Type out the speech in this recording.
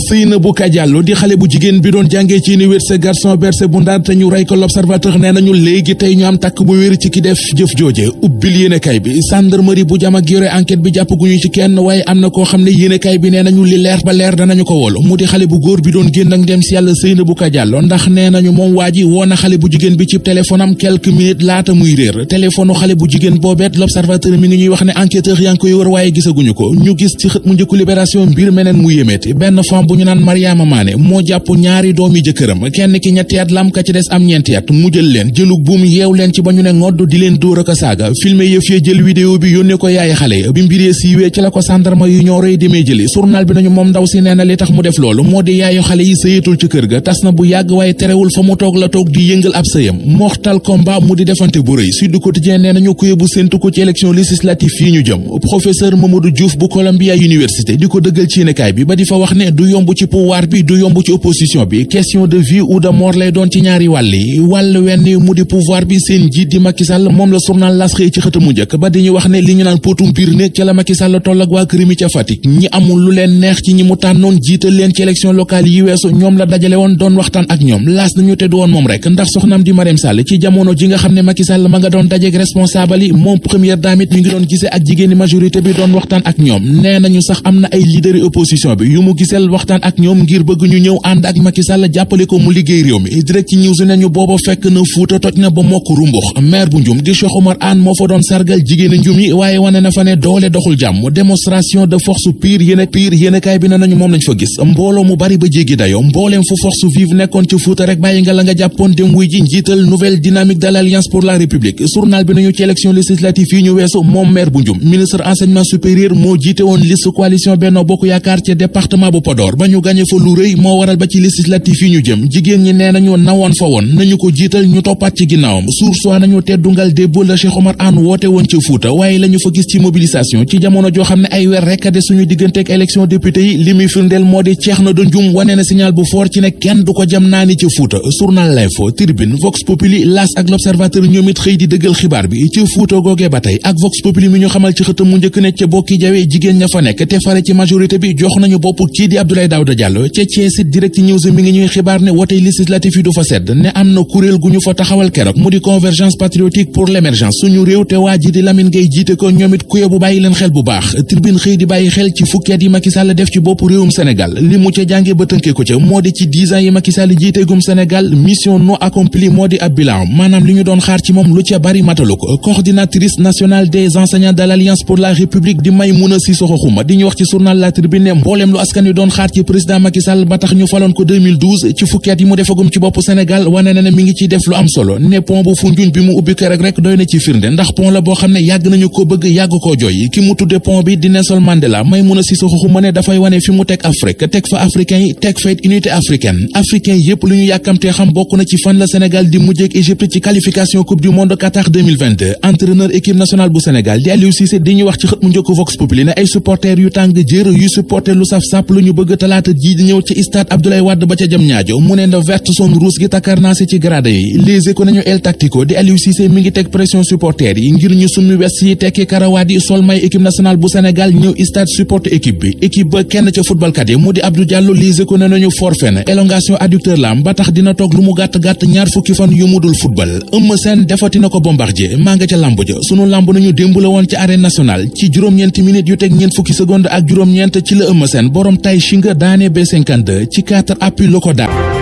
Seynabou Ka Diallo di xale bu jigéen bi doon jàngee ci université Gaston Berger bu Ndar te ñu rey ko l'observateur nee nañu léegi tey ñu am takk bu wéer ci ki def jëf jooje ubbil yéenekaay bi gendarmerie bu jam ak yore enquête bi jàppaguñu ci kenn waaye am na koo xam ne yéenekaay bi nee nañu li leer ba leer danañu ko woolu mu di xale bu góor bi doon génn ak dem si yàlla Seynabou Ka Diallo ndax nee nañu moom waa ji woo na xale bu jigéen bi ci téléphone am quelques laata muy réer téléphone xale bu jigéen boobeet l'observateur mi ngi ñuy wax ne enquêteur yaa ngi koy wër waaye ko ñu gis ci xët mu njëkku libération mbir meneen mu yémeeti benn parent bu ñu naan Mariama Mané moo jàpp ñaari doomi jëkkëram kenn ki ñetti at ka ci des am ñeenti mu jël leen jëlug buum yeew leen ci ba ñu ne ngodd di leen dóor ak saaga filmé yëf ya jël vidéo bi yónnee ko yaay xale bi mbiree siiwee ci la ko sandarma yu ñooroy demee jëli journal bi nañu moom ndaw si nee tax mu def loolu moo di yaayu xale yi sëyatul ci kër ga tas na bu yàgg waaye terewul fa mu toog la toog di yëngal ab sëyam moxtal combat di defante bu rëy Sud Quotidien nee yomb ci pouvoir bi du yomb ci opposition bi question de vie ou de mort lay doon ci ñaari wàll yi wàll wenn mu di pouvoir bi seen jiit di Macky moom la journal L'As xëy ci xët mu njëkk ba dañuy wax ne li ñu naan potum biir néeg ca la Macky Sall waa kër mi ca Fatick ñi amul lu leen neex ci ñi mu tànnoon jiital leen ci élection locale yi weesu ñoom la dajale woon doon waxtaan ak ñoom laas nañu te du woon moom rek ndax soxnaam di Marème Sall ci waxtaan ak ñoom ngir bëgg ñu ñëw ànd ak Macky Sall jàppale ko mu liggéey réew mi direct ci news nañu booba fekk na Fuuta toj na ba mokk rumbux maire bu njum di Cheikh Omar Anne moo fa doon sargal jigéen a njum yi waaye wane na fa ne doole doxul jàmm démonstration de force pire yéen a pire yéen a kaay bi na nañu moom lañ fa gis mbooloo mu bari ba jéggi dayo mbooleem fu force vive nekkoon ci Fuuta rek bàyyi nga la nga jàppoon dem wuy ji njiital nouvelle dynamique de l'alliance pour la république journal bi nañu ci élection législative yi ñu weesu moom maire bu njum ministre enseignement supérieur moo jiite woon liste coalition Benno Bokk Yaakaar ci département bu Podor Podor ba ñu gàñe fa lu rëy moo waral ba ci législatif yi ñu jëm jigéen ñi nee nañu nawoon fa woon nañu ko jiital ñu toppaat ci ginnaawam suur soi nañu teddungal débbal la Cheikh Omar Anne woote woon ci Fuuta waaye la fa gis ci mobilisation ci jamono joo xam ne ay weer rek de suñu digganteek élection député yi li moo di ceex na da wane na signal bu fort ci ne kenn du ko jam naa ni ci Fuuta journal L'Info Tribune Vox Populi L'As ak Abdoulaye Daouda direct news mi ngi ñuy xibaar ne wote législatif yi du fa sedd ne am na kuréel gu ñu fa taxawal mu di convergence patriotique pour l'émergence suñu réew te waa di Lamine Gueye jiite ko ñoom kuye bu bàyyi leen xel bu baax tribune xëy di bàyyi xel ci fukki yi Macky Sall def ci bopp réewum Sénégal li mu ca jànge ba tënkee ca moo di ci 10 yi Macky Sall jiite gum Sénégal mission non accomplie moo di ab bilan maanaam li ñu doon ci président Macky Sall ba tax ñu faloon ko 2012 ci fukki at yi mu defagum ci bopp Sénégal wane na ne mi ngi ciy def lu am solo ne pont bu Foundiougne bi mu ubbi keroog rek doy na ci firnde ndax pont la boo xam ne yàgg nañu ko bëgg yàgg koo jooy ki mu tudde pont bi di Nelson Mandela Maïmouna Sissoko Khouma ne dafay wane fi mu teg Afrique teg fa africain yi teg fa unité africaine yépp lu ñu yàkkamtee xam bokk na ci fan la Sénégal di mujjeek Égypte ci qualification coupe du monde Qatar 2022 entraîneur équipe nationale talaata ji di ñëw ci stade Abdoulaye Wade ba ca jëm ñaajo mu ne na vert son rouge gi takkar ci grade yi léegi ko nañu el tactico di Aliou Cissé ngi teg pression supporters yi ngir ñu summi west yi tekki karawaat yi sol may équipe nationale bu Sénégal ñëw stade support équipe bi équipe ba kenn ca footballkat yi mu di Abdou Diallo léegi ko ne nañu forfait na élongation adducteur lam ba tax dina toog lu mu gàtt-gàtt ñaar fukki fan yu mudul football Eumeu Sène defati na la daanee B52 ci 4 appui la ko daan